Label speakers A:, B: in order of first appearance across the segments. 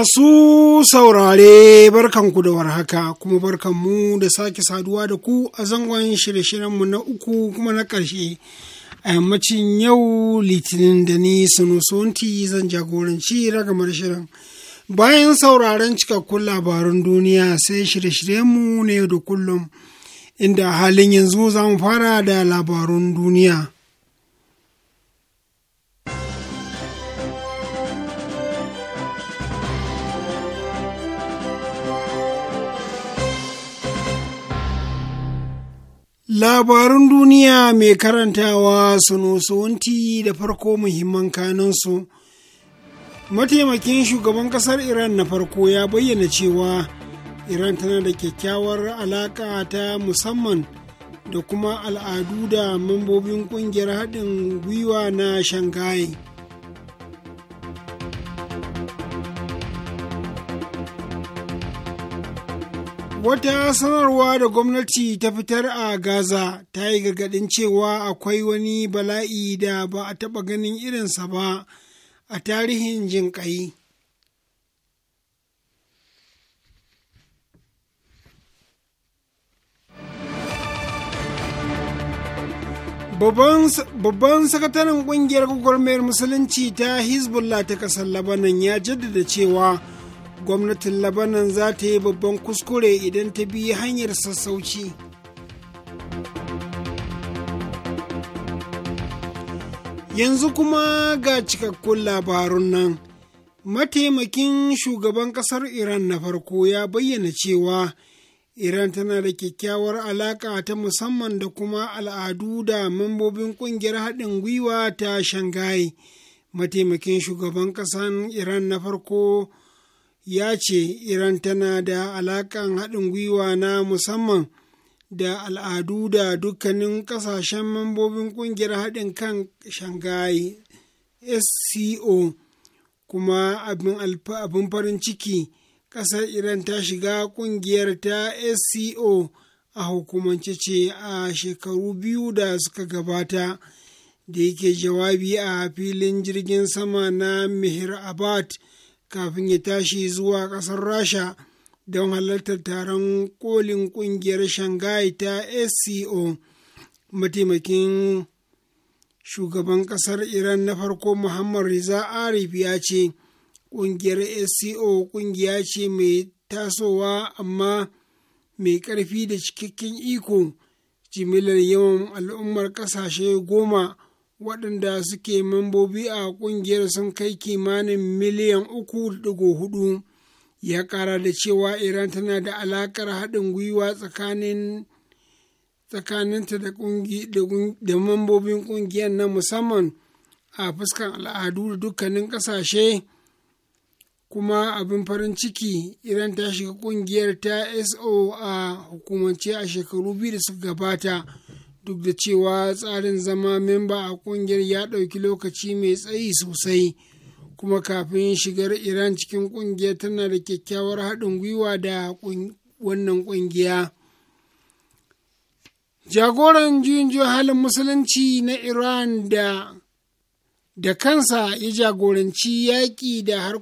A: Masu saurare barkanku da warhaka kuma barkanmu da sake saduwa da ku a zangon shirye-shiryenmu na uku kuma na ƙarshe a yammacin yau litinin da ni sunusonti zan jagoranci ragamar shirin. Bayan sauraren cikakkun labarun duniya sai shirye-shiryenmu na yau da kullum inda halin yanzu za mu fara da labarun duniya. Labarun duniya mai karantawa su sunusuwanti da farko muhimman kanunsu. Mataimakin shugaban ƙasar Iran na farko ya bayyana cewa Iran tana da kyakkyawar alaƙa ta musamman da kuma al'adu da mambobin ƙungiyar haɗin gwiwa na Shanghai. Wata sanarwa da gwamnati ta fitar a Gaza ta yi gargaɗin cewa akwai wani bala'i da ba a taɓa ganin irinsa ba a tarihin ƙai. Babban sakataren ƙungiyar gwagwarmayar Musulunci ta Hezbollah ta ƙasar Labanan ya jaddada cewa gwamnatin labanan za ta yi babban kuskure idan ta bi hanyar sassauci yanzu kuma ga cikakkun labarun nan mataimakin shugaban kasar iran na farko ya bayyana cewa iran tana da kyakkyawar alaƙa ta musamman da kuma al'adu da mambobin ƙungiyar haɗin gwiwa ta shanghai mataimakin shugaban ƙasan iran na farko ya ce iran tana da alaƙan haɗin gwiwa na musamman da al'adu da dukkanin ƙasashen mambobin ƙungiyar haɗin kan shanghai sco kuma abin farin ciki ƙasar iran ta shiga ƙungiyar ta sco a hukumance ce a shekaru biyu da suka gabata da yake jawabi a filin jirgin sama na mihir abad kafin ya tashi zuwa ƙasar rasha don halartar taron kolin ƙungiyar shanghai ta sco mataimakin shugaban ƙasar iran na farko muhammad riza arif ya ce ƙungiyar sco ƙungiya ce mai tasowa amma mai ƙarfi da cikakken iko jimillar yawan al'ummar ƙasashe goma waɗanda suke mambobi a ƙungiyar sun kai kimanin miliyan uku digo hudu ya ƙara da cewa iran tana da alaƙar haɗin gwiwa tsakanin tsakaninta da da mambobin ƙungiyar na musamman a fuskan al'adu da dukkanin ƙasashe kuma abin farin ciki iran ta shiga ƙungiyar ta so a hukumance a shekaru biyu da suka gabata duk da cewa tsarin zama memba a kungiyar ya ɗauki lokaci mai tsayi sosai kuma kafin shigar iran cikin kungiyar tana da kyakkyawar haɗin gwiwa da wannan kungiya. jagoran juyin halin musulunci na iran da da kansa ya jagoranci yaƙi da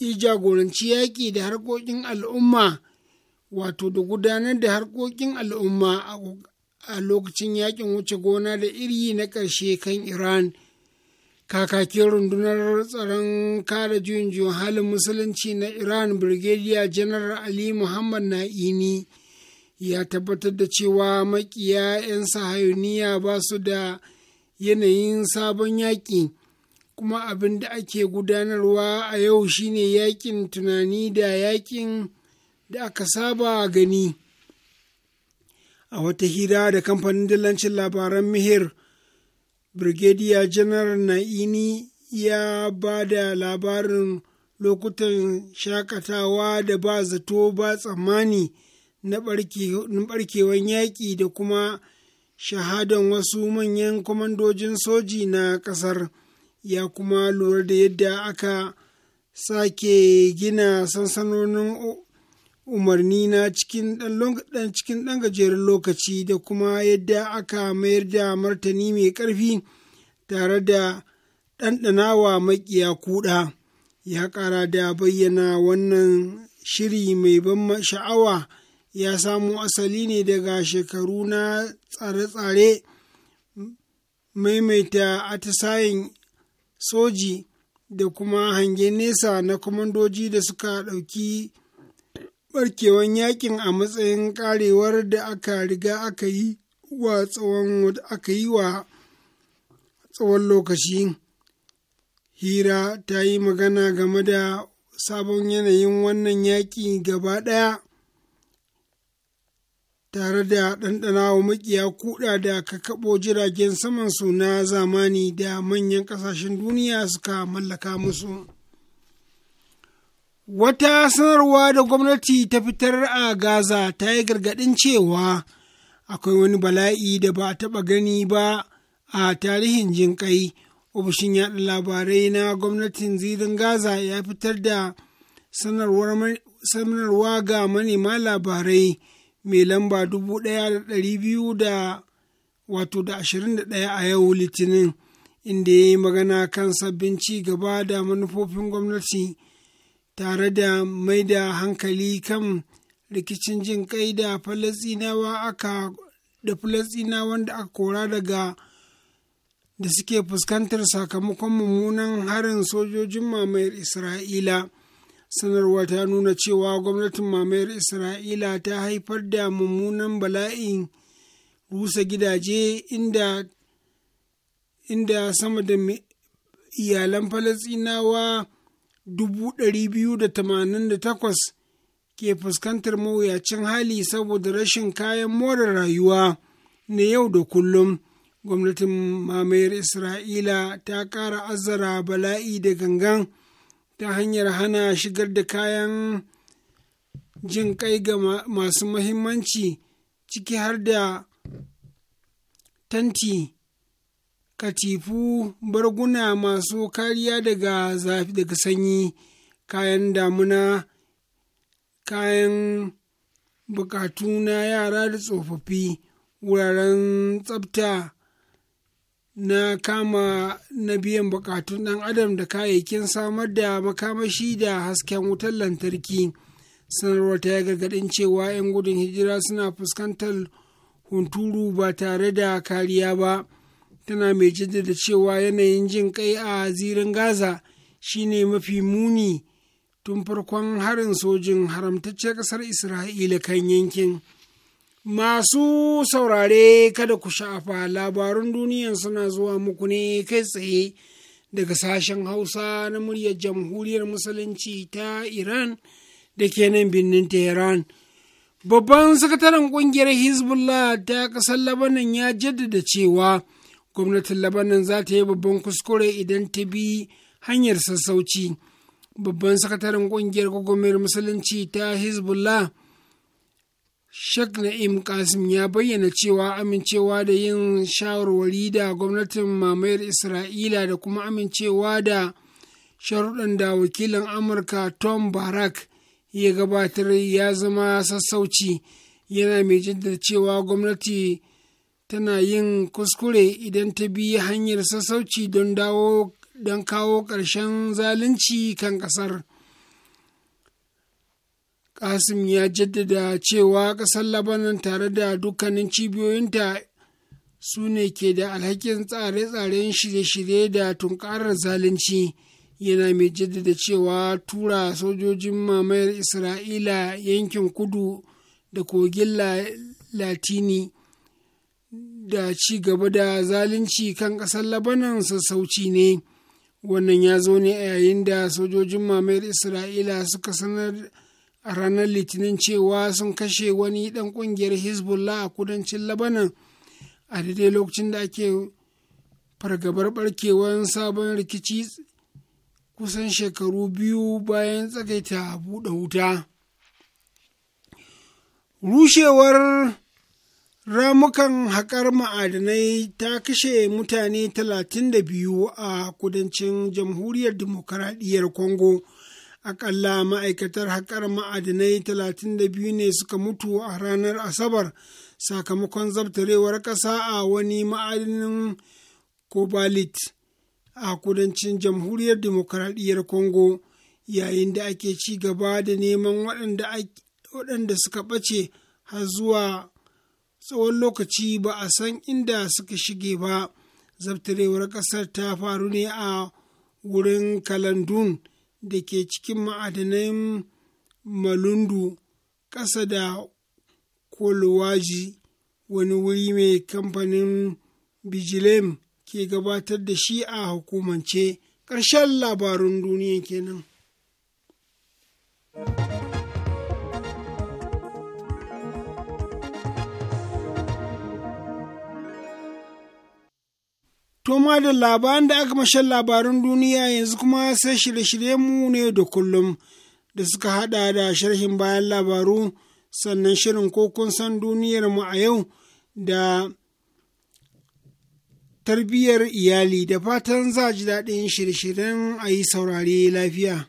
A: ya jagoranci yaƙi da harkokin al'umma wato da gudanar da harkokin al'umma a lokacin yakin wuce gona da iri na ƙarshe kan iran kakakin rundunar tsaron kare juyin juyin halin musulunci na iran brigadier general ali muhammad na'ini ya tabbatar da cewa makiya 'yan sahayuniya ba su da yanayin sabon yaƙi kuma abin da ake gudanarwa a yau shine yaƙin tunani da yaƙin da aka saba gani. a wata hira da kamfanin dillancin labaran mihir brigadier general na'ini ya ba da labarin lokutan shakatawa da ba zato ba tsammani na barkewan yaƙi da kuma shahadan wasu manyan kwamandojin soji na ƙasar ya kuma lura da yadda aka sake gina sansanonin umarni cikin ɗan cikin ɗan gajeren lokaci da kuma yadda aka mayar da martani mai ƙarfi tare da ɗanɗanawa maƙiya kuɗa ya ƙara da bayyana wannan shiri mai ban sha'awa ya samo asali ne daga shekaru na tsare-tsare maimaita atisayen soji da kuma hangen nesa na kwamandoji da suka ɗauki barkewan yakin a matsayin karewar da aka riga aka yi wa tsawon lokaci hira ta yi magana game da sabon yanayin wannan yaƙi gaba ɗaya tare da ɗanɗana wa maƙiya kuɗa da kakaɓo jiragen samansu na zamani da manyan ƙasashen duniya suka mallaka musu. Wata sanarwa da gwamnati ta fitar a Gaza ta yi gargaɗin cewa akwai wani bala'i da ba a taɓa gani ba a tarihin jinƙai. Ofishin yaɗa labarai na gwamnatin zirin Gaza ya fitar da sanarwa ga manema labarai mai lamba dubu ɗaya da ɗari biyu da wato da ashirin da ɗaya a yau litinin inda ya yi magana kan sabbin ci gaba da manufofin gwamnati. tare da mai da hankali kan rikicin jin kai da falasinawa aka aka kora daga da suke fuskantar sakamakon mummunan harin sojojin mamayar isra'ila sanarwa ta nuna cewa gwamnatin mamayar isra'ila ta haifar da mummunan bala'in rusa gidaje inda inda sama da iyalan falasinawa takwas ke fuskantar mawuyacin hali saboda rashin kayan more rayuwa na yau da kullum. Gwamnatin mamayar Isra'ila ta ƙara azara bala'i da gangan ta hanyar hana shigar da kayan jin kai ga masu mahimmanci ciki har da tanti katifu barguna masu kariya daga zafi daga sanyi kayan damuna kayan bukatu na yara da tsofaffi wuraren tsabta na kama na biyan bukatun ɗan adam da kayayyakin samar da makamashi da hasken wutar lantarki sanarwar ta ya gargaɗin cewa 'yan gudun hijira suna fuskantar hunturu ba tare da kariya ba tana mai jaddada cewa yanayin jin kai a zirin gaza shine mafi muni tun farkon harin sojin haramtacce ƙasar isra'ila kan yankin masu saurare kada ku sha'afa labarun duniyan suna zuwa muku ne kai tsaye daga sashen hausa na muryar jamhuriyar musulunci ta iran da kenan nan birnin tehran babban sakataren kungiyar hezbollah ta ƙasar labanan ya jaddada cewa gwamnatin labanan za ta yi babban kuskure idan ta bi hanyar sassauci babban sakataren kungiyar gwagwarmayar musulunci ta hezbollah Sheikh Na'im Kasim ya bayyana cewa amincewa da yin shawarwari da gwamnatin mamayar Isra'ila da kuma amincewa da sharuɗan da wakilin Amurka Tom Barak ya gabatar ya zama sassauci yana mai jaddada cewa gwamnati tana yin kuskure idan ta bi hanyar sassauci don dawo don kawo ƙarshen zalunci kan ƙasar kasim ya jaddada cewa ƙasar labanan tare da dukkanin cibiyoyinta su ne ke da alhakin tsare-tsaren shirye-shirye da tunkarar zalunci yana mai jaddada cewa tura sojojin mamayar isra'ila yankin kudu da kogin latini da ci gaba da zalunci kan ƙasar labanan sassauci ne wannan ya zo ne a yayin da sojojin mamayar isra'ila suka sanar a ranar litinin cewa sun kashe wani ɗan ƙungiyar hezbollah a kudancin labanan a daidai lokacin da ake fargabar barkewar sabon rikici kusan shekaru biyu bayan tsagaita buɗe wuta rushewar Ramukan haƙar ma'adinai ta kashe mutane 32 a kudancin jamhuriyar demokaradiyyar Congo. Aƙalla ma'aikatar haƙar ma'adinai 32 ne suka mutu a ranar Asabar sakamakon zabtarewar ƙasa a wani ma'adinin Kobalit a kudancin jamhuriyar demokaradiyyar Congo yayin da ake ci gaba da neman waɗanda suka ɓace har zuwa. tsawon lokaci ba a san inda suka shige ba zabtarewar ƙasar ta faru ne a wurin kalandun da ke cikin ma'adanin malundu ƙasa da kolwaji wani wuri mai kamfanin bijilem ke gabatar da shi a hukumance ƙarshen labarun duniya kenan. To da labaran da aka mashan labarun duniya yanzu kuma sai shirye-shirye mu ne da kullum da suka haɗa da sharhin bayan labaru sannan shirin ko san duniyar mu a yau da tarbiyyar iyali da fatan za ji daɗin shirye-shiryen a yi saurare lafiya.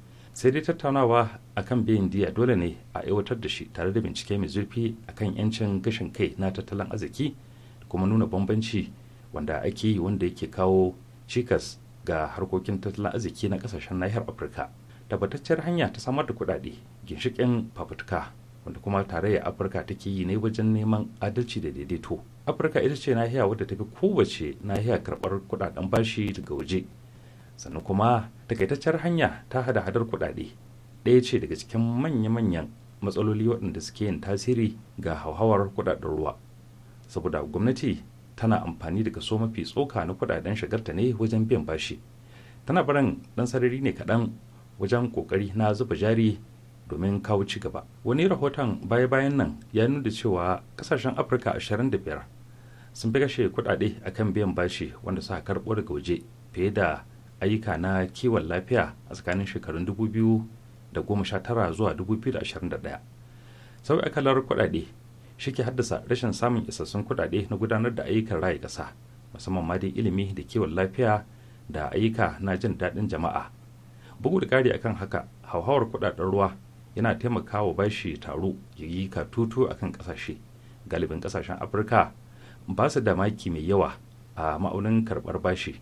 B: sai dai tattaunawa a kan biyan diya dole ne a aiwatar da shi tare da bincike mai zurfi a kan yancin gashin kai na tattalin arziki kuma nuna bambanci wanda ake yi wanda yake kawo cikas ga harkokin tattalin arziki na kasashen nahiyar afirka tabbataccen hanya ta samar da kudade ginshikin fafutuka wanda kuma tarayyar afirka take yi ne wajen neman adalci da daidaito afirka ita ce nahiya wadda ta fi kowace nahiya karbar kudaden bashi daga waje sannan kuma takaitaccen hanya ta hada hadar kuɗaɗe ɗaya ce daga cikin manya-manyan matsaloli waɗanda suke yin tasiri ga hauhawar kuɗaɗen ruwa saboda gwamnati tana amfani da kaso mafi tsoka na kuɗaɗen shagarta ne wajen biyan bashi tana barin ɗan sarari ne kaɗan wajen ƙoƙari na zuba jari domin kawo ci gaba wani rahoton baya-bayan nan ya nuna cewa ƙasashen afirka 25 sun fi kashe kuɗaɗe akan biyan bashi wanda suka karɓo daga waje fiye da ayyuka na kiwon lafiya a tsakanin shekarun 2019 zuwa 2021 sauya kalar kuɗaɗe shi ke haddasa rashin samun isassun kuɗaɗe na gudanar da ayyukan raya ƙasa musamman ma dai ilimi da kiwon lafiya da ayyuka na jin daɗin jama'a bugu da ƙari akan haka hauhawar kuɗaɗen ruwa yana taimakawa bashi taro ya yi katutu akan ƙasashe galibin ƙasashen afirka ba su da maki mai yawa a ma'aunin karɓar bashi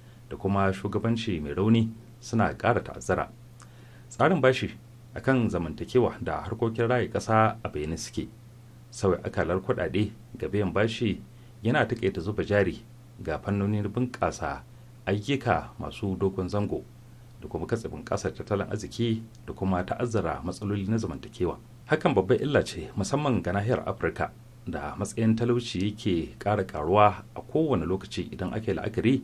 B: da kuma shugabanci mai rauni suna ƙara ta'azzara tsarin bashi a kan zamantakewa da harkokin raye ƙasa a bayyane suke sauya akalar kuɗaɗe ga biyan bashi yana taƙaita zuba jari ga fannonin bunƙasa ayyuka masu dogon zango da kuma katsibin ƙasar tattalin arziki da kuma ta'azzara matsaloli na zamantakewa hakan babbar illa ce musamman ga nahiyar afirka da matsayin talauci yake ƙara karuwa a kowane lokaci idan ake la'akari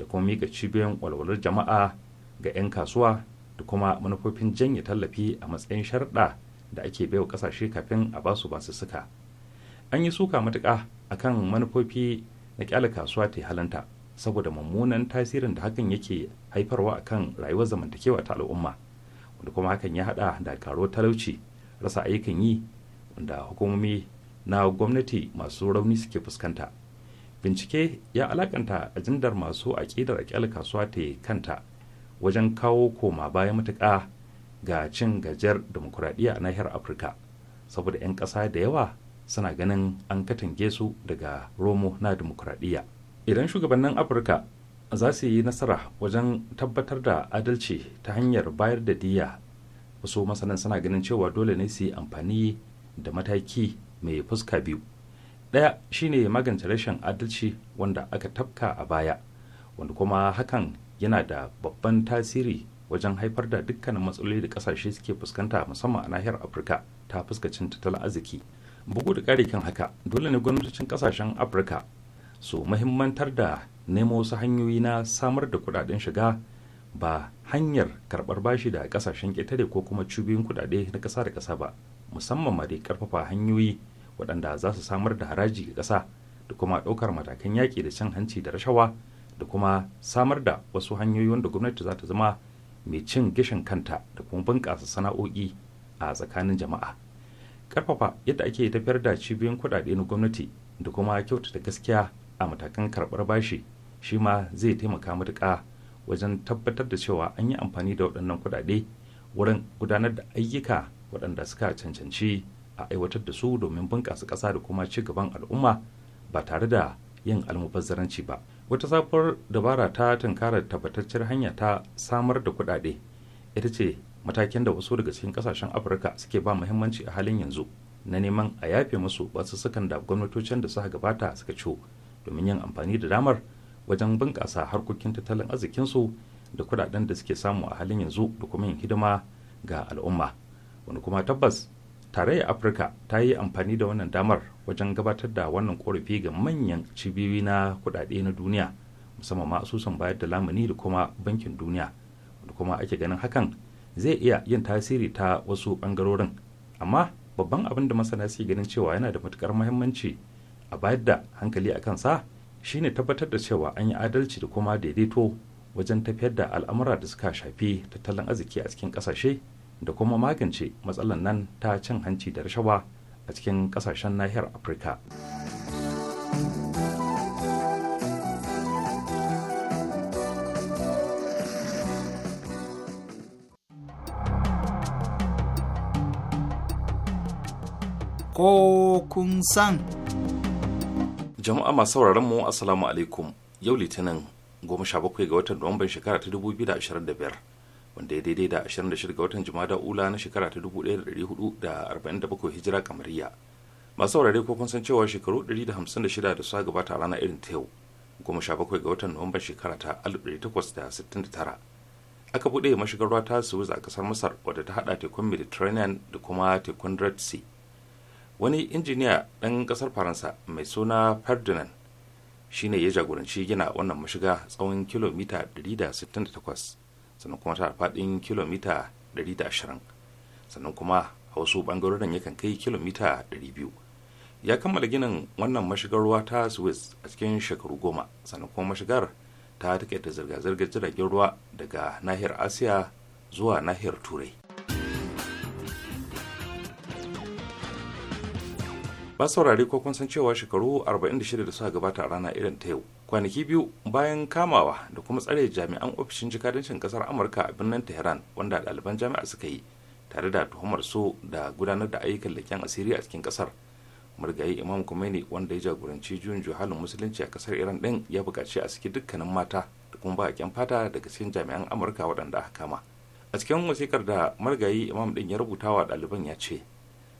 B: da kuma mika cibiyoyin walwalar jama'a ga 'yan kasuwa da kuma manufofin janye tallafi a matsayin sharɗa da ake baiwa ƙasashe kafin a basu basu suka an yi suka matuƙa kan manufofi na ƙyale kasuwa ta yi halanta saboda mummunan tasirin da hakan yake haifarwa a kan rayuwar zamantakewa ta al'umma wanda kuma hakan ya haɗa da karo talauci rasa ayyukan yi wanda hukumomi na gwamnati masu rauni suke fuskanta bincike ya alakanta ajindar masu aƙidar ƙyal kasuwa ta kanta wajen kawo koma baya matuƙa ga cin gajiyar demokuraɗiyya a nahiyar afirka saboda 'yan ƙasa da yawa suna ganin an katange su daga romo na demokuraɗiyya idan shugabannin afirka za su yi nasara wajen tabbatar da adalci ta hanyar bayar da diya wasu masanan suna ganin cewa dole ne su yi amfani da mataki mai fuska biyu ɗaya shine magance rashin adalci wanda aka tafka a baya wanda kuma hakan yana da babban tasiri wajen haifar da dukkanin matsaloli da kasashe suke fuskanta musamman a nahiyar afirka ta fuskacin tattalin arziki bugu da ƙari kan haka dole ne gwamnatocin kasashen afirka su mahimmantar da nemo wasu hanyoyi na samar da kuɗaɗen shiga ba hanyar karɓar bashi da kasashen ƙetare ko kuma cubiyin kuɗaɗe na ƙasa da ƙasa ba musamman ma dai ƙarfafa hanyoyi waɗanda za su samar da haraji ga ƙasa da kuma ɗaukar matakan yaƙi da cin hanci da rashawa da kuma samar da wasu hanyoyi wanda gwamnati za ta zama mai cin gishin kanta da kuma bunƙasa sana'o'i a tsakanin jama'a ƙarfafa yadda ake tafiyar da cibiyoyin kuɗaɗe na gwamnati da kuma kyautata gaskiya a matakan karɓar bashi shi ma zai taimaka matuƙa wajen tabbatar da cewa an yi amfani da waɗannan kuɗaɗe wurin gudanar da ayyuka waɗanda suka cancanci a aiwatar da su domin bunƙasa ƙasa da kuma ci gaban al'umma ba tare da yin almubazzaranci ba wata sabuwar dabara ta tunkarar tabbataccen hanya ta samar da kuɗaɗe ita ce matakin da wasu daga cikin ƙasashen afirka suke ba muhimmanci a halin yanzu na neman a yafe musu wasu sukan da gwamnatocin da suka gabata suka ciwo domin yin amfani da damar wajen bunƙasa harkokin tattalin arzikinsu da kuɗaɗen da suke samu a halin yanzu da kuma yin hidima ga al'umma wani kuma tabbas tarayyar afirka ta yi amfani da wannan damar wajen gabatar da wannan korafi ga manyan cibiyoyi na kudade na duniya musamman ma asusun bayar da lamuni da kuma bankin duniya da kuma ake ganin hakan zai iya yin tasiri ta wasu bangarorin amma babban abin da masana suke ganin cewa yana da matukar muhimmanci a bayar da hankali a kansa shine tabbatar da cewa an yi adalci da kuma daidaito wajen tafiyar da al'amura da suka shafi tattalin arziki a cikin kasashe da kuma magance matsalan nan ta cin hanci da rashawa a cikin kasashen nahiyar afirka
A: ko kun san
B: jama'a masu sauraron mu assalamu alaikum yau litinin 17 ga watan nuwamban shekara ta 2025 wanda ya daidai da 26 ga watan jumada ula na shekara ta 1447 hijira kamariya masu saurare ko kun san cewa shekaru 156 da suka gabata rana irin ta yau goma sha bakwai ga watan nuwamban shekara ta 1869 aka buɗe mashigar ruwa ta suwiz a ƙasar masar wadda ta haɗa tekun mediterranean da kuma tekun red sea wani injiniya ɗan ƙasar faransa mai suna ferdinand shine ya jagoranci gina wannan mashiga tsawon kilomita 168 sannan kuma tana faɗin kilomita 120 sannan kuma a wasu bangarorin yakan kai kilomita 200 ya kammala ginin wannan mashigar ruwa ta suez a cikin shekaru goma sannan kuma mashigar ta taƙaita zirga-zirgar jiragen ruwa daga nahiyar asiya zuwa nahiyar turai ba saurari ko kun san cewa shekaru 46 da suka gabata a rana irin ta yau kwanaki biyu bayan kamawa da kuma tsare jami'an ofishin jikadancin kasar amurka a birnin tehran wanda ɗaliban jami'a suka yi tare da tuhumar su da gudanar da ayyukan leken asiri a cikin kasar murgayi imam kumeni wanda ya jagoranci juyin juhalin musulunci a kasar iran din ya bukaci a saki dukkanin mata da kuma baƙin fata daga cikin jami'an amurka waɗanda aka kama a cikin wasikar da margayi imam din ya rubuta wa ɗaliban ya ce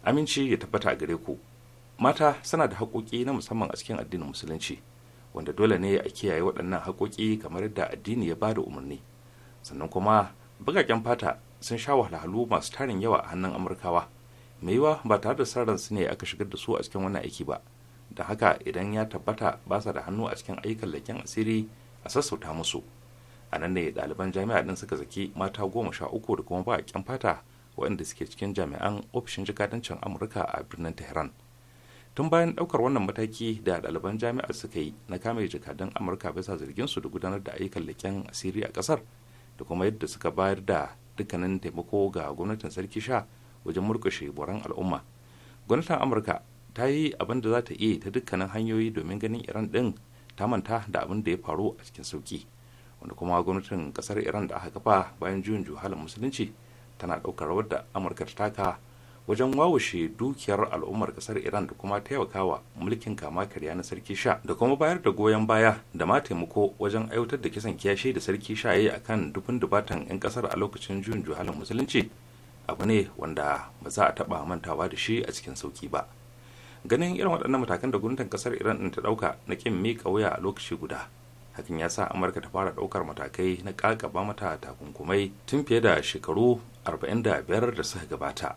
B: aminci ya tabbata a gare ku mata suna da haƙoƙi na musamman a cikin addinin musulunci wanda dole ne a kiyaye waɗannan haƙoƙi kamar yadda addini ya bada umarni sannan kuma bugaken fata sun sha wahalhalu masu tarin yawa a hannun amurkawa mai yiwa ba tare da san su ne aka shigar da su a cikin wannan aiki ba da haka idan ya tabbata ba sa da hannu a cikin ayyukan leken asiri a sassauta musu a nan ne ɗaliban jami'a ɗin suka zaki mata goma sha uku da kuma baƙin fata waɗanda suke cikin jami'an ofishin jikadancin amurka a birnin tehran tun bayan daukar wannan mataki da ɗaliban jami'ar suka yi na kame jakadun amurka bisa zargin su da gudanar da ayyukan leƙen asiri a ƙasar da kuma yadda suka bayar da dukkanin taimako ga gwamnatin sarki sha wajen murkushe boran al'umma gwamnatin amurka ta yi abin da za ta iya ta dukkanin hanyoyi domin ganin iran ɗin ta manta da abin da ya faru a cikin sauki wanda kuma gwamnatin ƙasar iran da aka kafa bayan juyin juhalin musulunci tana ɗaukar rawar da amurka ta taka wajen wawushe dukiyar al'ummar kasar iran da kuma taimakawa mulkin kama karya na sarki sha da kuma bayar da goyon baya da ma taimako wajen aiwatar da kisan kiyashe da sarki sha ya yi akan dubin dubatan 'yan kasar a lokacin juyin juhalin musulunci abu ne wanda ba za a taba mantawa da shi a cikin sauki ba ganin irin waɗannan matakan da gwamnatin kasar iran ɗin ta ɗauka na kin miƙa wuya a lokaci guda hakan ya sa amurka ta fara ɗaukar matakai na ƙaƙaba mata takunkumai tun fiye da shekaru 45 da suka gabata.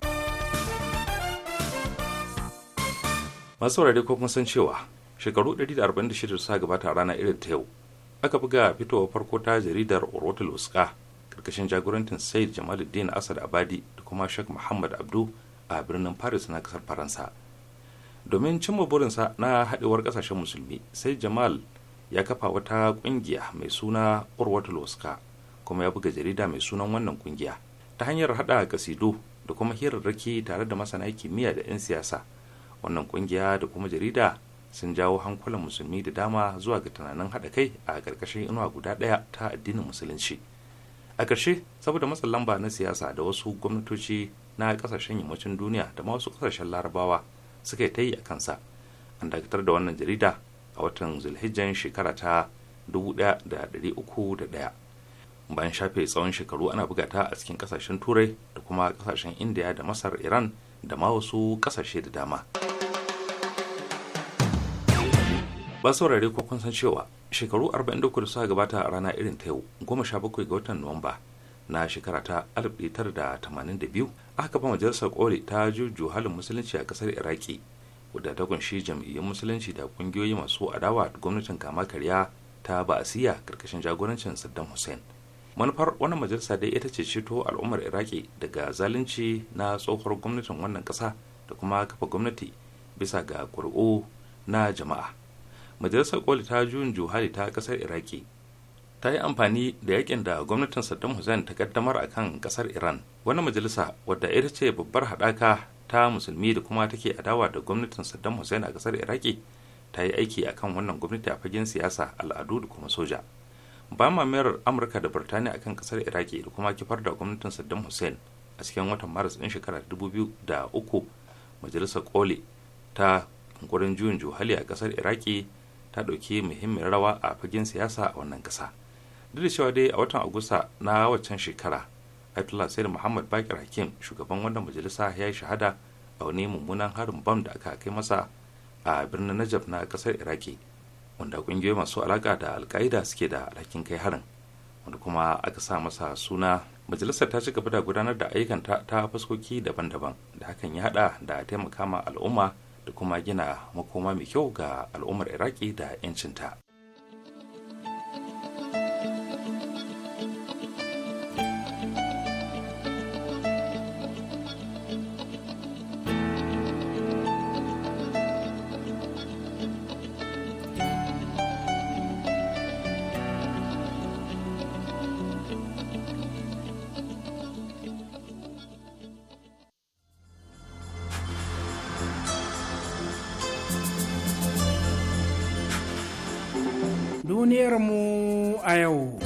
B: masu saurare ko kun san cewa shekaru 146 sa gabata a rana irin ta yau aka buga fitowar farko ta jaridar orotul uska karkashin jagorantin said jamaluddin asad abadi da kuma shek muhammad abdu a birnin paris na kasar faransa domin cimma burinsa na haɗewar ƙasashen musulmi sai jamal ya kafa wata ƙungiya mai suna urwatul waska kuma ya buga jarida mai sunan wannan ƙungiya ta hanyar haɗa kasido da kuma hirarraki tare da masana kimiyya da 'yan siyasa wannan kungiya da kuma jarida sun jawo hankulan musulmi da dama zuwa ga tunanin haɗa kai a ƙarƙashin inuwa guda ɗaya ta addinin musulunci a ƙarshe saboda matsin lamba na siyasa da wasu gwamnatoci na ƙasashen yammacin duniya da ma wasu ƙasashen larabawa suka ta yi a kansa an dakatar da wannan jarida a watan zulhijjan shekara ta da 1301 bayan shafe tsawon shekaru ana bugata a cikin ƙasashen turai da kuma ƙasashen indiya da masar iran da ma wasu ƙasashe da dama. ba saurare ko kun san cewa shekaru 43 da suka gabata a rana irin ta yau goma sha bakwai ga watan nuwamba na shekara ta 1982 aka ba majalisar koli ta juju halin musulunci a kasar iraki wadda ta kunshi jam'iyyun musulunci da kungiyoyi masu adawa da gwamnatin kama karya ta ba'asiya karkashin jagorancin saddam hussein manufar wannan majalisa dai ita ce ceto al'ummar iraki daga zalunci na tsohuwar gwamnatin wannan kasa da kuma kafa gwamnati bisa ga kuri'u na jama'a majalisar koli ta juyin juhari ta kasar iraki ta yi amfani da yakin da gwamnatin saddam hussein ta kaddamar a kan kasar iran wani majalisa wadda ita ce babbar haɗaka ta musulmi da kuma take adawa da gwamnatin saddam hussein a kasar iraki ta yi aiki a kan wannan gwamnati a fagen siyasa al'adu da kuma soja ba mamayar amurka da birtaniya a kan kasar iraki da kuma kifar da gwamnatin saddam hussein a cikin watan maris ɗin da uku majalisar koli ta gurin juyin juhali a kasar iraki ta ɗauki muhimmin rawa a fagen siyasa a wannan ƙasa duk cewa dai a watan agusta na waccan shekara ayatollah sayyid muhammad bakir hakim shugaban wannan majalisa ya yi shahada a wani mummunan harin bam da aka kai masa a birnin najaf na ƙasar iraki wanda ƙungiyoyi masu alaƙa da alƙa'ida suke da alhakin kai harin wanda kuma aka sa masa suna majalisar ta ci gaba da gudanar da ayyukanta ta fuskoki daban-daban da hakan ya haɗa da taimaka ma al'umma da kuma gina makoma mai kyau ga al'ummar iraki da 'yancinta
A: duniyarmu a yau.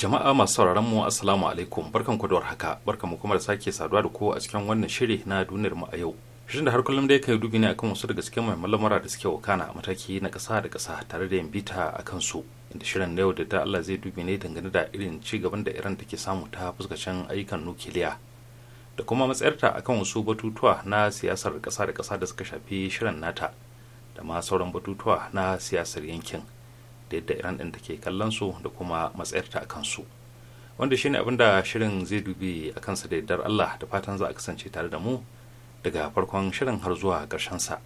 B: Jama'a masu sauraron mu Assalamu alaikum barkan ku da warhaka barkan mu kuma da sake saduwa da ku a cikin wannan shiri na duniyar mu a yau. Shirin da har kullum dai kai dubi ne akan wasu daga cikin mai lamura da suke wakana a mataki na kasa da kasa tare da yin bita a kansu. Inda shirin na yau da ta Allah zai dubi ne dangane da irin ci gaban da Iran take samu ta fuskacin ayyukan nukiliya. Da kuma matsayarta akan wasu batutuwa na siyasar kasa da kasa da suka shafi shirin nata. da ma sauran batutuwa na siyasar yankin da yadda iran ɗin take kallon su da kuma matsayarta a su wanda shine abin da shirin zai dubi a kansa da yardar allah da fatan za a kasance tare da mu daga farkon shirin har zuwa ƙarshen sa.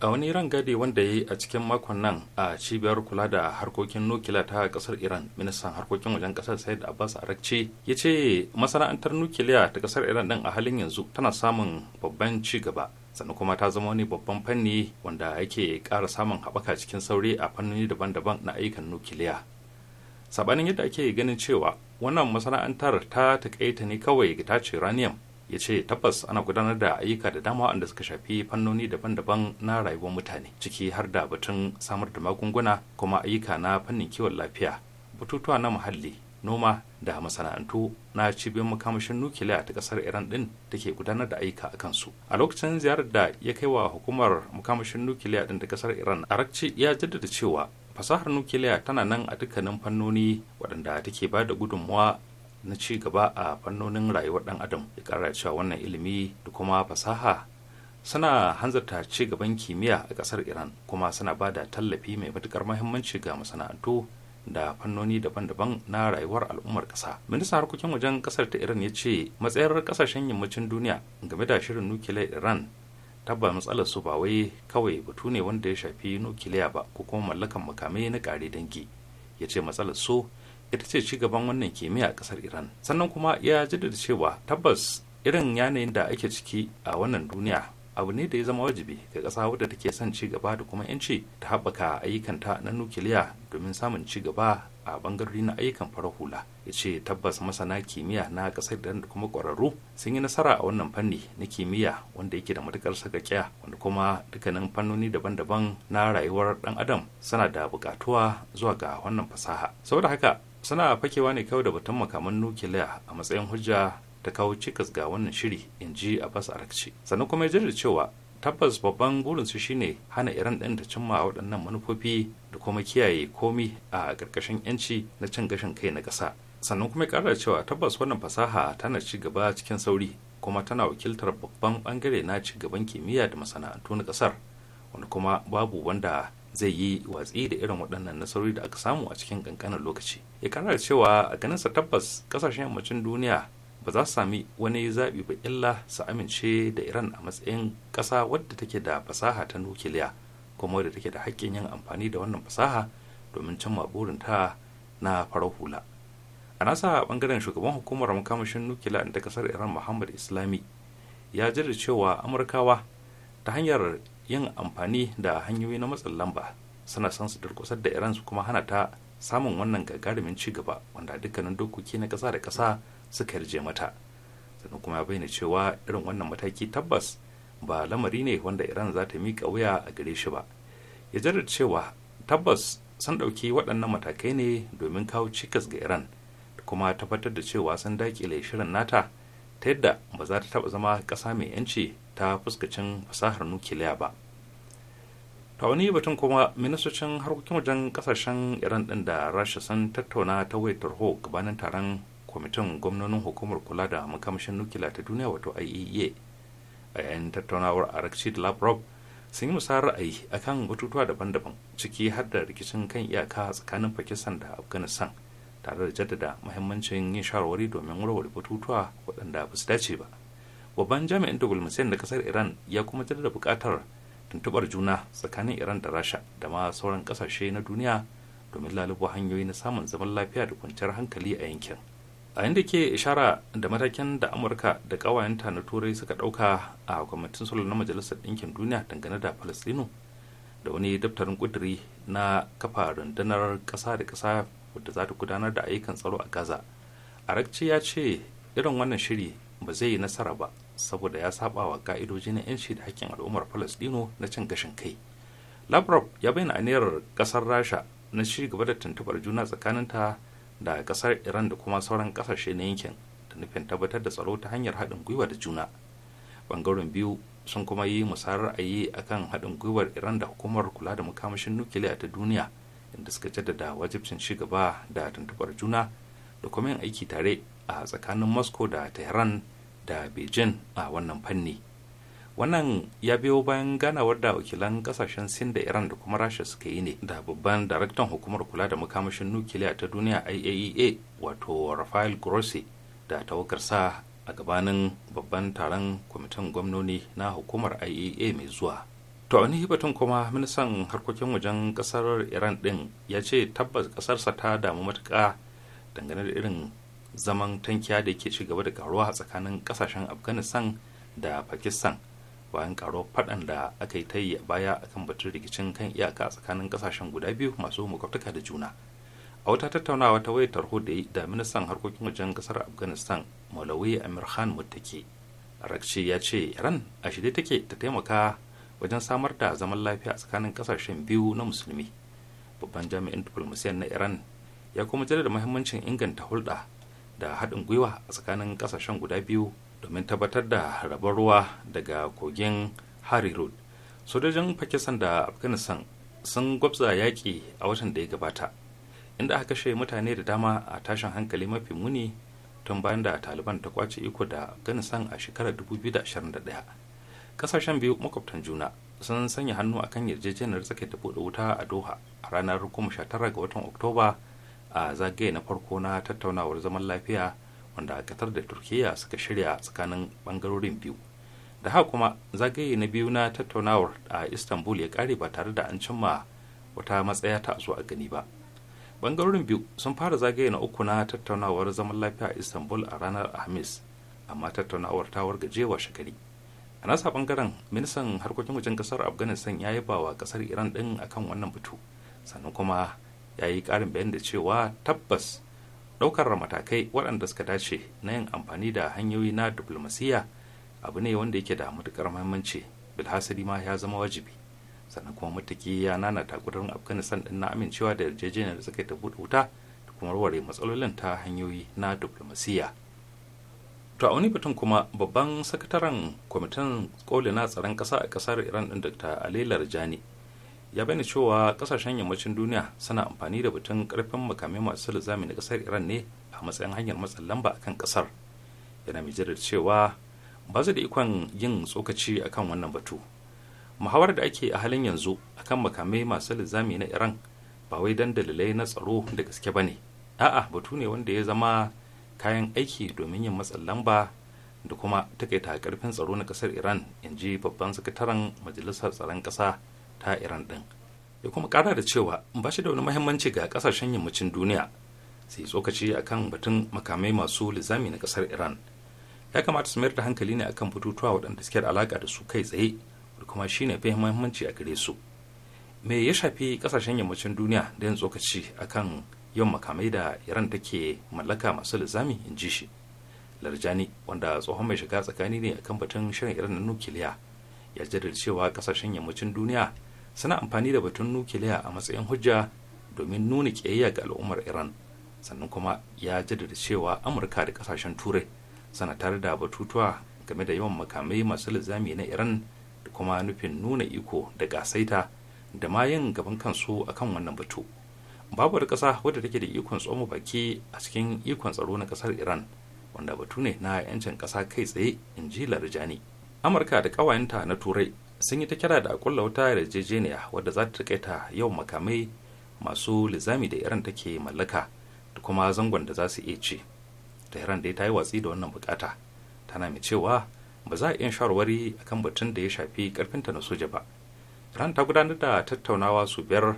B: a wani rangade wanda ya yi a cikin makon nan a cibiyar kula da harkokin nukiliya ta kasar iran ministan harkokin wajen kasar said abbas arakci ya ce masana'antar nukiliya ta kasar iran din a halin yanzu tana samun babban ci gaba sannan kuma ta zama wani babban fanni wanda yake ƙara samun haɓaka cikin sauri a fannoni daban-daban na ayyukan nukiliya sabanin yadda ake ganin cewa wannan masana'antar ta taƙaita ne kawai ga tace uranium ya ce tabbas ana gudanar da ayyuka da dama wanda suka shafi fannoni daban-daban na rayuwar mutane ciki har da batun samar da magunguna kuma ayyuka na fannin kiwon lafiya bututuwa na muhalli noma da masana'antu na cibiyar makamashin nukiliya ta kasar iran din da ke gudanar da ayyuka a kansu a lokacin ziyarar da ya kai wa hukumar makamashin nukiliya din ta kasar iran arakci ya jaddada cewa fasahar nukiliya tana nan a dukkanin fannoni waɗanda take ba da gudunmuwa na ci gaba a fannonin rayuwar dan adam ya kara cewa wannan ilimi da kuma fasaha suna hanzarta ci gaban kimiyya a kasar iran kuma suna ba da tallafi mai matukar mahimmanci ga masana'antu da fannoni daban-daban na rayuwar al'ummar ƙasa. ministan harkokin wajen ƙasar ta iran ya ce matsayar ƙasashen yammacin duniya game da shirin nukiliyar iran tabba matsalar su ba wai kawai batu ne wanda ya shafi nukiliya ba ko kuma mallakan makamai na ƙare dangi ya ce matsalar su ita ce ci gaban wannan kimiyya a kasar iran sannan kuma ya jaddada cewa tabbas irin yanayin da ake ciki a wannan duniya abu ne da ya zama wajibi ga ƙasa wadda take son ci gaba da kuma yanci ta haɓaka ayyukanta na nukiliya domin samun ci gaba a bangarori na ayyukan farar hula ya ce tabbas masana kimiyya na ƙasar da kuma ƙwararru sun yi nasara a wannan fanni na kimiyya wanda yake da matuƙar sakakkiya wanda kuma dukkanin fannoni daban-daban na rayuwar ɗan adam suna da buƙatuwa zuwa ga wannan fasaha saboda haka suna fakewa ne kawai da batun makaman nukiliya a matsayin hujja ta kawo cikas ga wannan shiri in ji abbas arakci sannan kuma ya jirgin cewa tabbas babban burinsu shine hana iran ɗin da cimma waɗannan manufofi da kuma kiyaye komi a ƙarƙashin 'yanci na cin gashin kai na ƙasa sannan kuma ya ƙara cewa tabbas wannan fasaha tana ci gaba cikin sauri kuma tana wakiltar babban bangare na cigaban kimiyya da masana'antu na ƙasar wanda kuma babu wanda zai yi watsi da irin waɗannan nasarori da aka samu a cikin ƙanƙanin lokaci ya kanar cewa a ganinsa tabbas ƙasashen yammacin duniya ba za su sami wani zaɓi ba illa su amince da iran a matsayin ƙasa wadda take da fasaha ta nukiliya kuma wadda take da haƙƙin yin amfani da wannan fasaha domin cimma burinta na farar hula a nasa bangaren shugaban hukumar makamashin nukiliya ta kasar iran muhammad islami ya jira cewa amurkawa ta hanyar yin amfani da hanyoyi na matsin lamba suna son su durkusar da iran su kuma hana ta samun wannan gagarumin ci gaba wanda dukkanin dokoki na ƙasa da ƙasa suka yarje mata sannan kuma ya bayyana cewa irin wannan mataki tabbas ba lamari ne wanda iran za ta miƙa wuya a gare shi ba ya jaddada cewa tabbas sun ɗauki waɗannan matakai ne domin kawo cikas ga iran kuma tabbatar da cewa sun daƙile shirin nata ta yadda ba za ta taɓa zama ƙasa mai yanci ta fuskacin fasahar nukiliya ba ta wani batun kuma ministocin harkokin wajen kasashen iran ɗin da rasha sun tattauna ta wayar tarho gabanin taron kwamitin gwamnonin hukumar kula da makamashin nukiliya ta duniya wato iaea a yayin tattaunawar arakci da labrov sun yi musayar ra'ayi kan batutuwa daban-daban ciki har da rikicin kan iyaka tsakanin pakistan da afghanistan tare da jaddada mahimmancin yin shawarwari domin warware batutuwa waɗanda ba su dace ba babban jami'in dogul musayin na kasar iran ya kuma da bukatar tuntubar juna tsakanin iran da rasha da ma sauran kasashe na duniya domin lalubo hanyoyi na samun zaman lafiya da kwanciyar hankali a yankin a yadda ke ishara da matakin da amurka da ƙawayenta na turai suka ɗauka a kwamitin sulhu na majalisar ɗinkin duniya dangane da palestino da wani daftarin ƙuduri na kafa rundunar ƙasa da ƙasa wadda za ta gudanar da ayyukan tsaro a gaza arakci ya ce irin wannan shiri ba zai yi nasara ba saboda ya saba wa ka'idoji na 'yanci da hakkin al'ummar palestino na cin gashin kai lavrov ya bayyana a aniyar kasar rasha na ci gaba da tuntubar juna tsakaninta da kasar iran da kuma sauran kasashe na yankin da nufin tabbatar da tsaro ta hanyar haɗin gwiwa da juna bangaren biyu sun kuma yi musayar a kan haɗin gwiwar iran da hukumar kula da mukamashin nukiliya ta duniya inda suka jaddada wajibcin ci gaba da tuntubar juna da kuma yin aiki tare a tsakanin moscow da tehran da beijing a wannan fanni wannan ya biyo bayan ganawar da wakilan kasashen sin da iran da kuma rasha suka yi ne da babban daraktan hukumar kula da makamashin nukiliya ta duniya iaea e wato rafael grossi da tawakarsa a gabanin babban taron kwamitin gwamnoni na hukumar iaea e mai zuwa to wani batun kuma ministan harkokin wajen kasar iran din ya ce tabbas kasarsa ta damu matuka dangane da irin zaman tankiya da ke ci gaba da karuwa a tsakanin kasashen afghanistan da pakistan bayan karuwar faɗan da aka yi ta yi a baya akan batun rikicin kan iyaka a tsakanin kasashen guda biyu masu makwabtaka da juna a wata tattaunawa ta wayar tarho da da ministan harkokin wajen kasar afghanistan malawi amir khan muttaki rakci ya ce iran a shirye take ta taimaka wajen samar da zaman lafiya a tsakanin kasashen biyu na musulmi babban jami'in diplomasiyyar na iran ya kuma jaddada muhimmancin inganta hulɗa da haɗin gwiwa a tsakanin ƙasashen guda biyu domin tabbatar da rabon ruwa daga kogin harry road sojojin pakistan da afghanistan sun gwabza yaƙi a watan da ya gabata inda aka kashe mutane da dama a tashin hankali mafi muni tun bayan da taliban ta kwace iko da afghanistan a shekarar 2021 kasashen biyu makwabtan juna sun sanya hannu akan yarjejeniyar sake da buɗe wuta a doha a ranar 19 ga watan oktoba a zagaye na farko na tattaunawar zaman lafiya wanda katar da turkiyya suka shirya tsakanin bangarorin biyu da haka kuma zagaye na biyu na tattaunawar a istanbul ya kare ba tare da an cimma wata matsaya ta zo a gani ba bangarorin biyu sun fara zagaye na uku na tattaunawar zaman lafiya a istanbul a ranar alhamis amma tattaunawar ta wargaje wa shagari a nasa bangaren ministan harkokin wajen kasar afghanistan ya yi wa kasar iran din akan wannan batu sannan kuma ya yi ƙarin bayan da cewa tabbas ɗaukar matakai waɗanda suka dace na yin amfani da hanyoyi na diplomasiyya abu ne wanda yake da matuƙar muhimmanci bilhassari ma ya zama wajibi sannan kuma mataki ya nana takudar afghanistan din na amincewa da yarjejeniyar da suka ta buɗe wuta da kuma warware matsalolin ta hanyoyi na diplomasiyya to a wani batun kuma babban sakataren kwamitin koli na tsaron ƙasa a ƙasar iran ɗin dr ali larjani ya bayyana cewa kasashen yammacin duniya suna amfani da batun karfin makamai masu lizami na kasar iran ne a matsayin hanyar matsin lamba akan kasar yana mai jirar cewa ba su da ikon yin tsokaci akan wannan batu muhawar da ake a halin yanzu akan makamai masu lizami na iran ba wai dan dalilai na tsaro da gaske ba ne a'a batu ne wanda ya zama kayan aiki domin yin matsan lamba da kuma takaita karfin tsaro na kasar iran in ji babban sakataren majalisar tsaron kasa ta iran din ya kuma kara da cewa ba shi da wani mahimmanci ga kasashen yammacin duniya sai tsokaci akan batun makamai masu lizami na kasar iran ya kamata su mayar da hankali ne akan bututuwa waɗanda suke da alaƙa da su kai tsaye da kuma shi ne fi mahimmanci a gare su me ya shafi kasashen yammacin duniya da yin tsokaci akan yawan makamai da iran take mallaka masu lizami in ji shi larjani wanda tsohon mai shiga tsakani ne akan batun shirin iran na nukiliya ya jaddada cewa kasashen yammacin duniya suna amfani da batun nukiliya a matsayin hujja domin nuna kiyayya ga al'ummar iran sannan kuma ya jaddada cewa amurka da kasashen turai sana tare da batutuwa game da yawan makamai masu lizami na iran da kuma nufin nuna iko da gasaita da ma yin gaban kansu akan wannan batu babu kasa ƙasa wadda take da ikon tsoma baki a cikin ikon tsaro na ƙasar iran wanda batu ne na 'yancin ƙasa kai tsaye in ji larijani amurka da ƙawayenta na turai sun yi ta kira da akulla wata yarjejeniya wadda za ta ta yawan makamai masu lizami da iran take mallaka da kuma zangon da za su iya ci tehran dai ta yi watsi da wannan bukata tana mai cewa ba za a iya shawarwari kan batun da ya shafi karfinta na soja ba iran ta gudanar da tattaunawa su biyar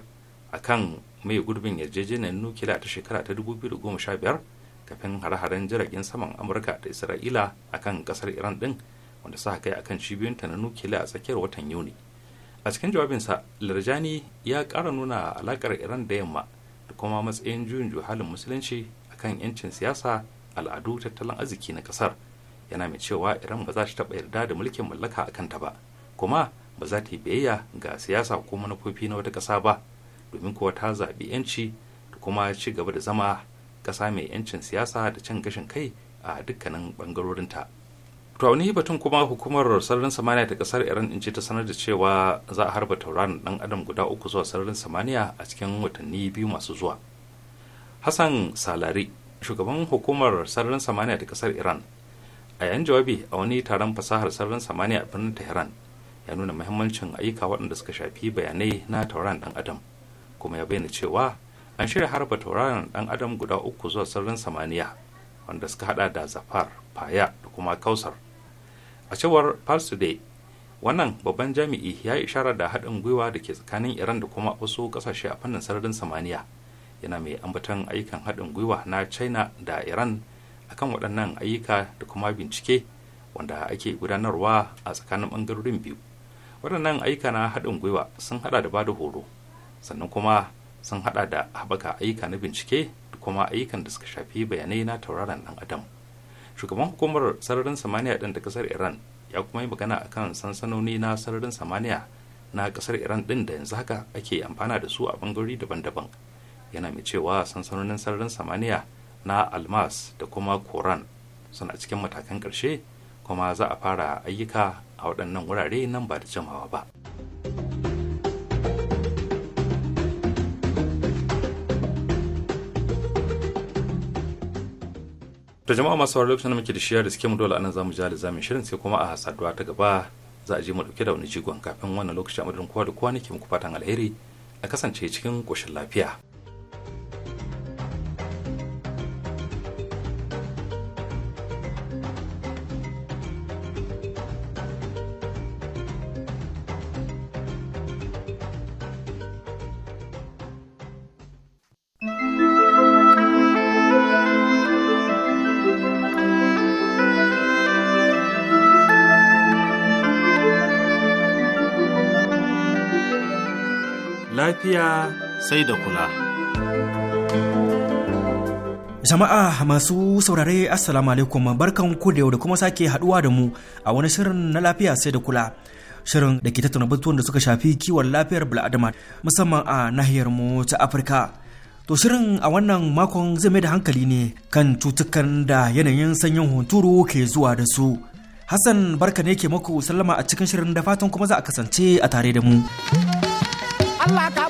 B: a kan mai gurbin yarjejeniyar nukiliya ta shekara ta 2015 kafin hare-haren jiragen saman amurka da isra'ila a kan kasar iran din wanda suka kai akan ta na nukili a tsakiyar watan yuni a cikin jawabinsa larjani ya ƙara nuna alakar iran da yamma da kuma matsayin juyin juhalin musulunci akan yancin siyasa al'adu tattalin arziki na kasar yana mai cewa iran ba za ta taɓa yarda da mulkin mallaka a kanta ba kuma ba za ta yi biyayya ga siyasa ko manufofi na wata ƙasa ba domin kuwa ta zaɓi yanci da kuma ci gaba da zama kasa mai yancin siyasa da cin gashin kai a dukkanin ta. to wani batun kuma hukumar sararin samaniya ta kasar iran in ce ta sanar da cewa za a harba tauraron dan adam guda uku zuwa sararin samaniya a cikin watanni biyu masu zuwa hassan salari shugaban hukumar sararin samaniya ta kasar iran a yan jawabi a wani taron fasahar sararin samaniya a birnin tehran ya nuna muhimmancin ayyuka waɗanda suka shafi bayanai na tauraron dan adam kuma ya bayyana cewa an shirya harba tauraron dan adam guda uku zuwa sararin samaniya wanda suka hada da zafar faya da kuma kausar a cewar pars today wannan babban jami'i ya yi ishara da haɗin gwiwa da ke tsakanin iran da kuma wasu ƙasashe a fannin sararin samaniya yana mai ambaton ayyukan haɗin gwiwa na china da iran akan waɗannan ayyuka da kuma bincike wanda ake gudanarwa a tsakanin ɓangarorin biyu waɗannan ayyuka na haɗin gwiwa sun haɗa da bada horo sannan kuma sun haɗa da haɓaka ayyuka na bincike da kuma ayyukan da suka shafi bayanai na tauraron ɗan adam shugaban hukumar sararin samaniya din da kasar iran ya kuma yi magana akan sansanoni na sararin samaniya na kasar iran din da yanzu haka ake amfana da su a bangarori daban-daban yana mai cewa sansanonin sararin samaniya na almas da kuma koran suna cikin matakan ƙarshe kuma za a fara ayyuka a waɗannan wurare nan ba da jimawa ba. to jama'a masu sauraro lokacin da muke da shiyar da suke mu dole anan zamu ji da zamin shirin sai kuma a saduwa ta gaba za a je mu dauke da wani jigon kafin wannan lokacin a madadin kowa da kowa nake muku fatan alheri a kasance cikin koshin lafiya
C: lafiya sai da kula.
D: Jama'a masu saurare Assalamu alaikum barkan ku da yau da kuma sake haduwa da mu a wani shirin na lafiya sai da kula. Shirin da ke tattauna batuwan da suka shafi kiwon lafiyar bil'adama musamman a nahiyar mu ta Afirka. To shirin a wannan makon zai mai da hankali ne kan cutukan da yanayin sanyin hunturu ke zuwa da su. Hassan barka ne ke muku sallama a cikin shirin da fatan kuma za a kasance a tare da mu.
C: Allah ka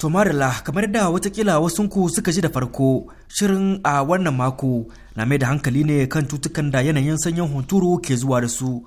D: To Marila, kamar da watakila wasunku suka ji da farko, shirin a wannan mako na mai da hankali ne kan cutukan da yanayin sanyin hunturu ke zuwa da su.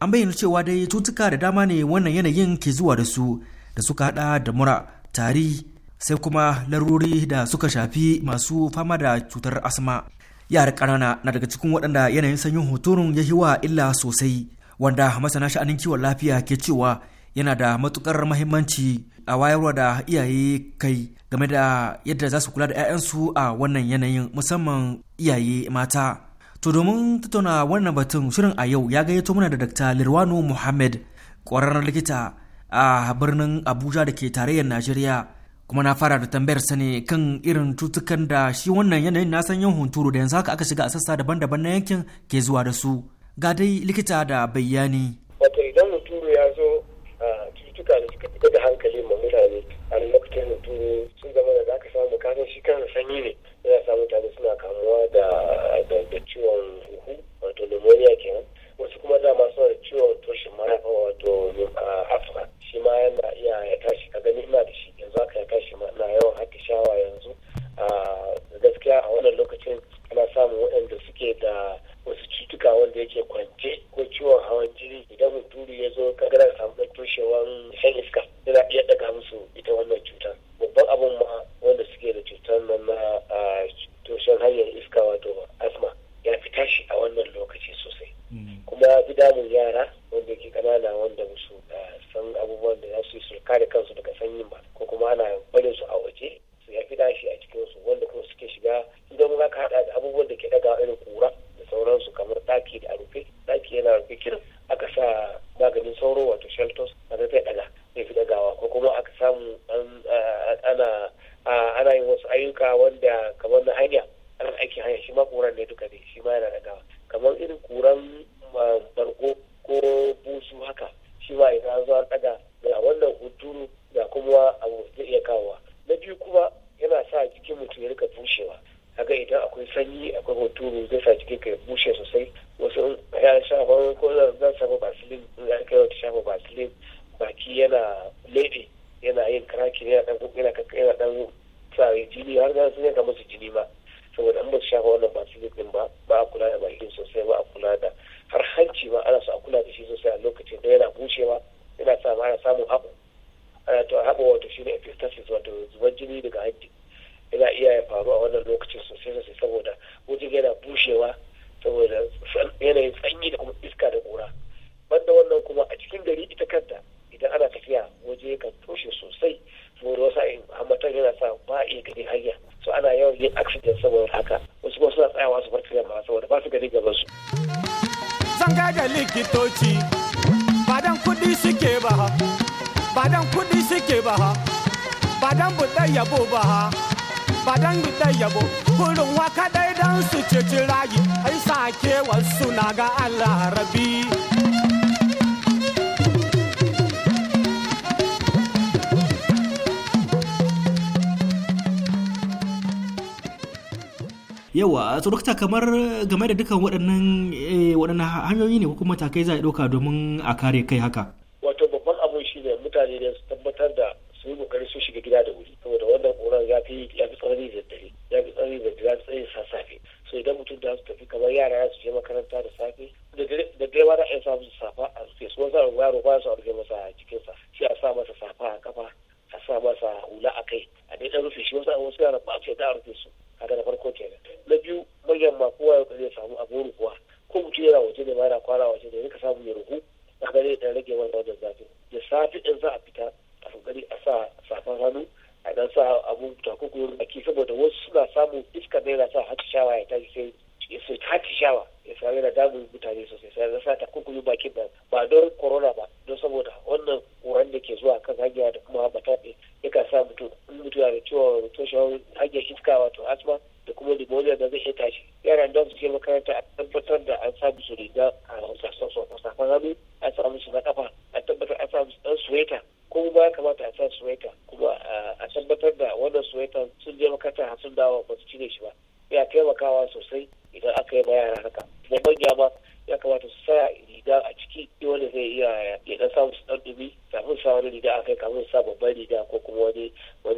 D: An bayyana cewa dai cutuka da dama ne wannan yanayin ke zuwa da su, da suka hada da mura, tari, sai kuma larurori da suka shafi masu fama da cutar asma. Yara ƙanana na daga cikin waɗanda yanayin sanyin hunturun ya wa illa sosai, wanda masana sha'anin kiwon lafiya ke cewa yana da matukar mahimmanci a wayarwa da iyaye kai game da yadda za su kula da 'ya'yansu a wannan yanayin musamman iyaye mata to domin tattauna wannan batun shirin a yau ya gayyato mana da dr lirwano muhammad ƙwararren likita a birnin abuja da ke tarayyar najeriya kuma na fara da tambayar ne kan irin cutukan da shi wannan yanayin na san yin hunturu da yanzu haka aka shiga a sassa daban-daban na yankin ke zuwa da su ga dai likita da bayani
E: ci gaba da zaka samu kasan shi kan sanyi ne yana sa mutane suna kamuwa da ciwon huhu wato pneumonia kenan wasu kuma da suna da ciwon toshin mara wato afra ah, shi ma yana iya ya tashi ka gani ina
C: ganga da likitoci dan kudi suke ba ha dan kudi suke ba ha dan buɗe yabo ba ha dan buɗe yabo kurin waka dai dan su ce rayu ai sake wasu na ga Allah rabi.
D: yawa tsorokta kamar eh, game da dukkan waɗannan eh, waɗannan hanyoyi ne ko kuma matakai za a ɗauka domin a kare kai haka
E: wato babban abun shi ne mutane da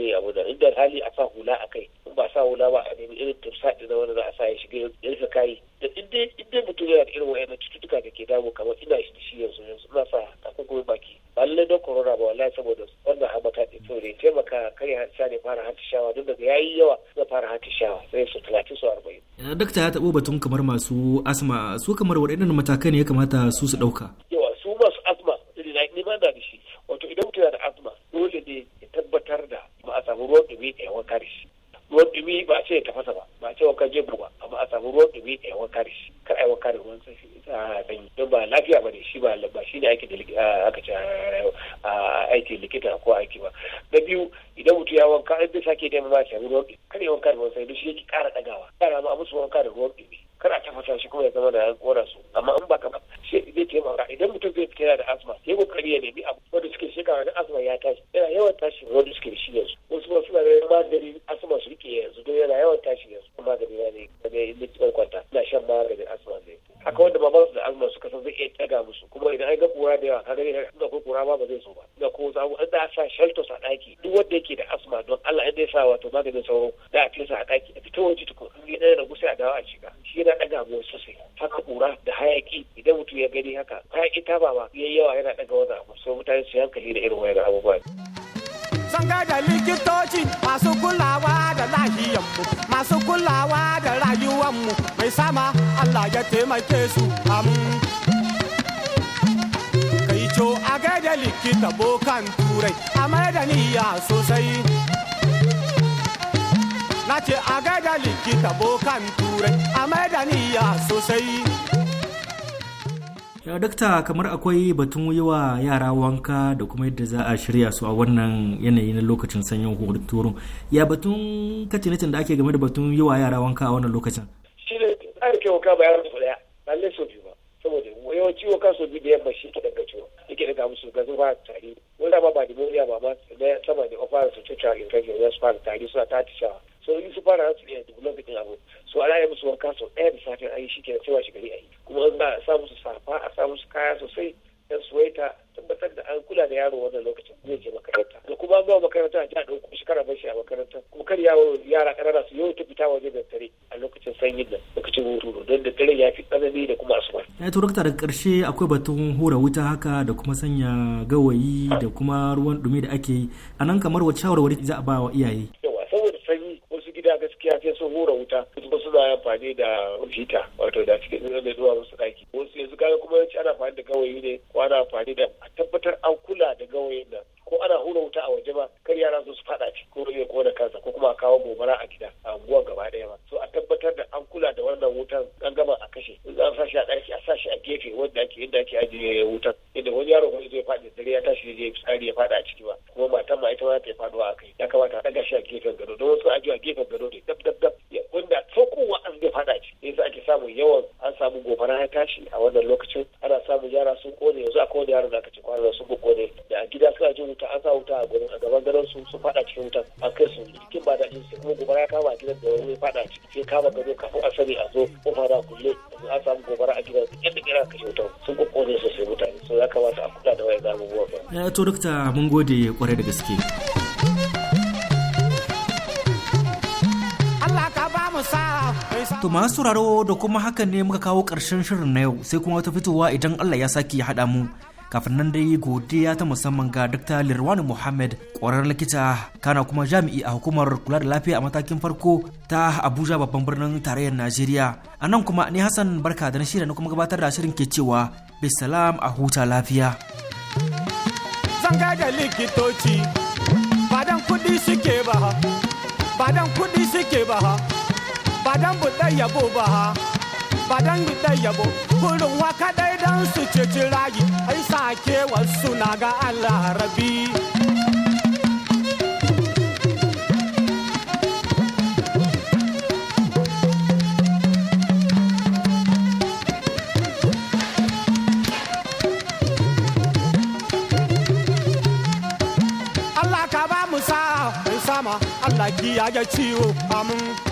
E: ne abu da inda hali a sa hula a kai in ba sa hula ba a nemi irin tursa da wanda za a sa ya shiga ya rufe kayi da inda mutum yana da irin wayannan cututtuka da ke damu kamar ina shi shi yanzu yanzu ina sa gobe baki ba lallai don corona ba wallahi saboda wannan hamata ɗin saboda ya taimaka kar ya sa ne fara shawa don daga yayi yawa zai fara shawa sai su talatin su arba'in.
D: Eh, dakta ya taɓo batun kamar masu asma su kamar waɗannan matakai ne ya kamata su su ɗauka.
E: ruwan dumi da yawan kare shi ruwan dumi ba a ce ya tafasa ba ba a ce wa jebu ba amma a samu ruwan dumi da yawan kare shi kar a yi wanka ruwan sanyi don ba lafiya ba ne shi ba ba shi ne aiki da aka ce aiki likita ko aiki ba na biyu idan mutum ya wanka an bai sake neman ma samu ruwan dumi kar ya wanka da ruwan sanyi don shi yake kara dagawa kara ma a musu wanka da ruwan dumi kar a tafasa shi kuma ya zama da kora su amma in ba kamar sai zai taimaka idan mutum zai fita da asma sai kokari ya nemi abu wanda suke shekara na asma ya tashi yana yawan tashi wanda suke shi yanzu wasu ba suna da magani asma su rike yanzu don yana yawan tashi yanzu magani na ne da ya yi kwanta na shan maganin asma ne haka wanda ba su da asma suka san zai iya taga musu kuma idan an ga kura da yawa ka gani da ko kura ba ba zai so ba da ko za a da sa shelters a daki duk wanda yake da asma don Allah in dai sa wato maganin sauro da a fesa a daki a fito waje tukun in ya da gusa a dawo a shiga shi yana ɗaga abu sosai haka ƙura da hayaki idan mutum ya gani haka hayaki ta ba ba yayi yawa yana ɗaga wani abu so mutane su hankali da irin wayar abubuwa.
C: Sun da likitoci masu kulawa da lahiyanmu masu kulawa da mu mai sama Allah ya taimake su amu Kai co a gaida likita bokan turai a da niyya sosai. na ce a gaida likita bokan turai a da niyya sosai ya dakta kamar akwai
D: batun yi wa yara wanka da kuma yadda za a shirya su a wannan yanayi na lokacin sanyin huturun ya batun kacinacin da ake game da batun yi wa yara wanka a wannan lokacin
E: shi ne tsarin ke wanka ba yaro su daya lalle so biyu ba saboda yawanci wanka so biyu da yamma shi ke daga ciwo yake daga musu ga zuba tari wanda ba ba da ba ma sama da ofara su cuta infection za su fara tari suna ta tatishawa so in su fara za su iya dubulan lokacin abu su ala ya musu wanka sau ɗaya da safe ayi shi ke sai washe gari a yi kuma in ba a sa musu safa a sa musu kaya sosai yan suwaita tabbatar da an kula da yaro wannan lokacin zai je makaranta da kuma an gawa makaranta a jiya ɗauko shi kara bashi a makaranta kuma kar yawo yara ƙanana su yau ta fita waje da dare a lokacin sanyin nan lokacin hutu don da dare ya fi tsanani da kuma asuba. ya
D: eh, yi turakta daga ƙarshe akwai batun hura wuta haka da kuma sanya gawayi da kuma ruwan ɗumi da ake yi a nan kamar wacce shawarwari za a ba wa iyaye.
E: sun hura wuta wasu suna amfani da hita wato da cikin da zuwa wasu ɗaki wasu yanzu kaga kuma yawanci ana amfani da gawayi ne ko ana amfani da a tabbatar an kula da gawayin nan ko ana hura wuta a waje ba kar yara su su fada ciki ko ya kona kansa ko kuma a kawo gobara a gida a unguwar gaba daya ba so a tabbatar da an kula da wannan wutan an gama a kashe za a sashi a ɗaki a sashi a gefe wanda ake yadda ake ajiye wutan inda wani yaro wani zai faɗi dare ya tashi zai fitsari ya fada a ciki ba kuma matan ma ita ma ta faduwa a kai ya kamata a ɗaga shi a gefen gado don wasu ajiye a gefen gado ne dab dab dab wanda saukowa an zai fada ciki yasa ake samun yawan an samu gobara ya tashi a wannan lokacin ana samun yara sun kone yanzu a kowane yaro da aka ce kwanan sun kone da a gida suna jin wuta an sa wuta a gurin a gaban gadon su su fada cikin wutan a kai su cikin ba daɗin su kuma gobara ya kama gidan da wani fada ciki sai kama gado kafin a sani a zo kofa da kulle an samu gobara a gidan yadda kira kashe wutan sun kokkone su sai mutane so ya kamata a kula da wayan abubuwa ba.
D: Eh, to dokta mun gode kwarai da gaske. To masu sauraro da kuma hakan ne muka kawo ƙarshen shirin na yau sai kuma wata fitowa idan Allah ya sake ya haɗa mu kafin nan dai godiya ta musamman ga Dr. lirwan Muhammad ƙwararren likita kana kuma jami'i a hukumar kula da lafiya a matakin farko ta Abuja babban birnin tarayyar Najeriya. A nan kuma ni Hassan barka da na kuma gabatar da shirin ke cewa bisalam a huta lafiya.
C: Zan da likitoci kuɗi suke ba badan kuɗi suke ba dan buɗe yabo ba ba dan da yabo kurin waka dai dan su ceci rayi ai sake wasu na ga Allah rabi Allah ka ba mu sa sama Allah ki ya ciwo amin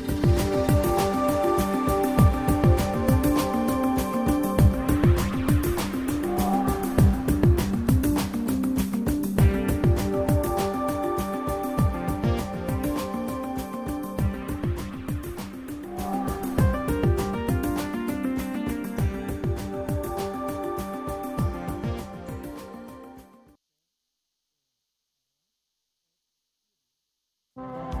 D: Bye.